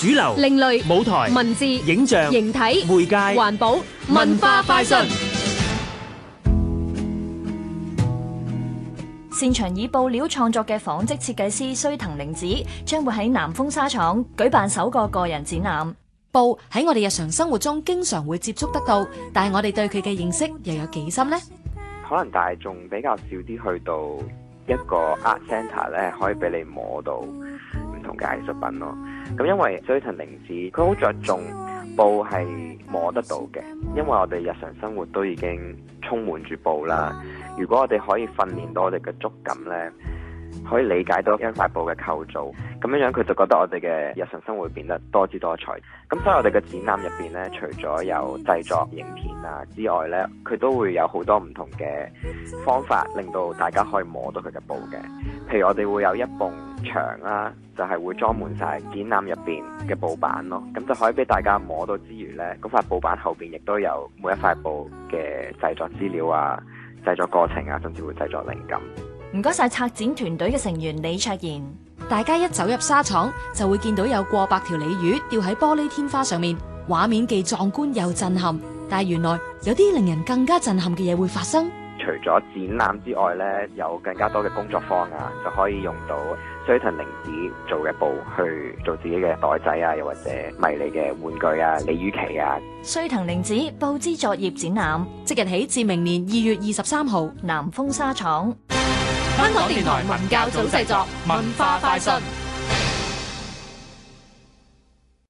主流、另類舞台、文字、影像、形體、媒介、環保、文化、快訊。擅長以布料創作嘅紡織設計師須藤玲子，將會喺南豐紗廠舉辦首個個人展覽。布喺我哋日常生活中經常會接觸得到，但係我哋對佢嘅認識又有幾深呢？可能大眾比較少啲去到一個 art centre 咧，可以俾你摸到。界藝術品咯，咁因為須藤玲子佢好着重布係摸得到嘅，因為我哋日常生活都已經充滿住布啦。如果我哋可以訓練到我哋嘅觸感咧，可以理解到一塊布嘅構造，咁樣樣，佢就覺得，我哋嘅日常生活變得多姿多彩。咁所以我哋嘅展覽入邊咧，除咗有製作影片啊之外咧，佢都會有好多唔同嘅方法，令到大家可以摸到佢嘅布嘅。譬如我哋會有一部。牆啦，就係會裝滿晒展覽入邊嘅布板咯，咁就可以俾大家摸到之餘，呢嗰塊布板後邊亦都有每一塊布嘅製作資料啊、製作過程啊，甚至會製作靈感。唔該晒策展團隊嘅成員李卓賢。大家一走入沙廠，就會見到有過百條鯉魚吊喺玻璃天花上面，畫面既壯觀又震撼。但係原來有啲令人更加震撼嘅嘢會發生。除咗展覽之外咧，有更加多嘅工作坊啊，就可以用到須藤玲子做嘅布去做自己嘅袋仔啊，又或者迷你嘅玩具啊、鯉魚旗啊。須藤玲子布織作業展覽，即日起至明年二月二十三號，南豐紗廠。香港、嗯、電台文教組製作，文化快訊。